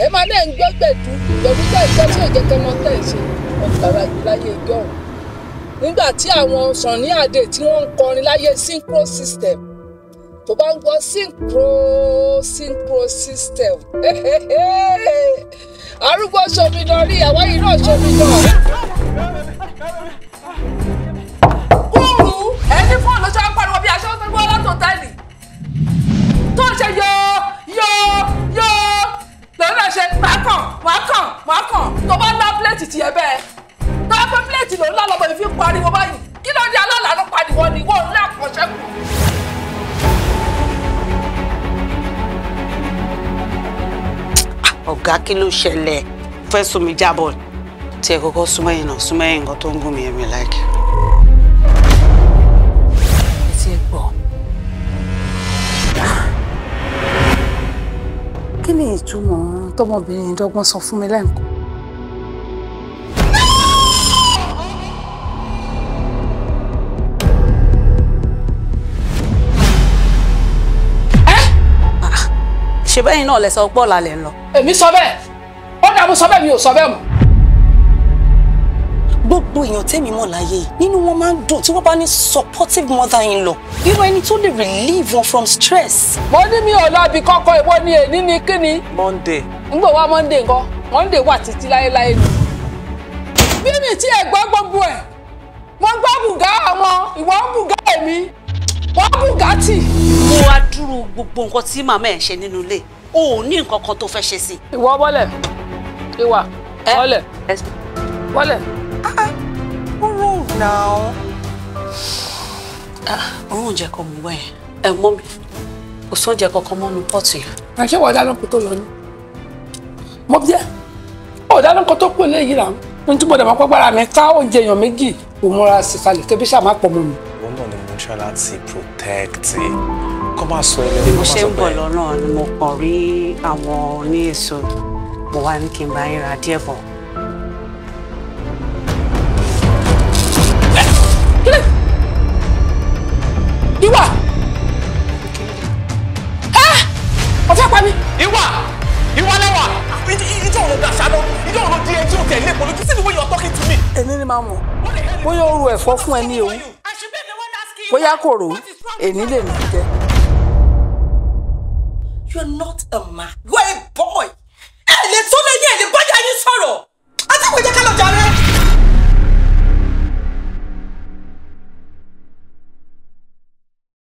ẹ máa náà ń gbé gbẹ̀dú gbẹ̀dú tẹ̀ ń gbọ́ tí òjẹ́ tẹ́ mọ́ tẹ̀ ń ṣe ọ̀gbàrà yìí láyé ìjọ òun nígbà tí àwọn Sunny Adé tí wọ́n ń kọrin láyé synchro system tó bá ń gbọ́ synchro synchro system arúgbó ṣomi lọ rí àwa yìí náà ṣomi lọ. pléètì tiẹ̀ bẹ́ẹ̀ tó bá pé pléètì lòun lálọ́bọ̀ ìfi pariwo báyìí kí ló dé alálàánú pariwo ni wọ́n ń lé àkànṣe kù. ọ̀gá kí ló ṣẹlẹ̀ fẹ́ sún mi jábọ̀ tí ẹ kọ́kọ́ súnmọ́ yìí náà súnmọ́ yìí nǹkan tó ń gún mi ẹ̀mí láìkí. ẹ ti ẹ gbọ́. kí ni ìtumọ̀ tọmọbìnrin dọ́gbọ́n sọ fún mi lẹ́ǹkan? ṣe bẹ́yìn náà lẹ sọ pọ̀ lálẹ́ ń lọ. èmi sọ bẹ́ẹ̀ ó dà mú sọ bẹ́ẹ̀ mi ò sọ bẹ́ẹ̀ mọ́. gbogbo èèyàn tẹ́mi mọ̀ láyé yìí nínú wọn máa ń dùn tí wọ́n bá ní supportive mother in law irú ẹni tó lè relieve wọn from stress. mo ní mi ò lọ ibi kọ́kọ́ ìwọ ni èní ni kí ni. monday. ngbò wá monday nǹkan monday wà títí láéláé ni. bí mi ti gbọ́ gbogbo ẹ̀ wọ́n gbọ́ bùgá àwọn ìwọ́n bùgá èmi wọ́n bùgá tì. mo wá irú gbogbo nǹkan tí màmá ẹ̀ ṣe nínú ilé o ò ní nǹkan kan tó fẹ́ ṣe sí. ìwọ wọlé ìwà wọlé wọlé. oorun náà. oorun ah, jẹ kọ mú wẹ ẹ mọ mi kò sóúnjẹ kankan mọnu pọtù yẹn. àṣé wàá dáná kó tó lọ ni mo bí ẹ ò dáná kó tó kú eléyìí là ń túbọ̀ dàgbà pọ́gbára mi ká oúnjẹ èèyàn méjì kò múra sí kalẹ̀ kébí ṣàmápọ̀ mọ́ mi. wọ́n náà ni mo ṣe láti protect kọ́ máa sọ ẹlẹ́ bí mo ṣe ń bọ̀ lọ́nà ni mo kàn rí àwọn oní èso mo wá ní kí n bá yín ra díẹ̀ bọ̀. ìwà ó fẹ́ pa mí. ìwà ìwà lẹ́wà ìjọ òun gbà ṣáná ìjọ òun di ẹjọ́ tẹ̀lé pọ̀lú kí sí ni wọ́n yọ talking to me. èmi ni màá mọ̀ bóyá oru ẹ̀fọ́ fún ẹ ní o bóyá kò rò èmi lè ní jẹ. You're not a man. You're a boy.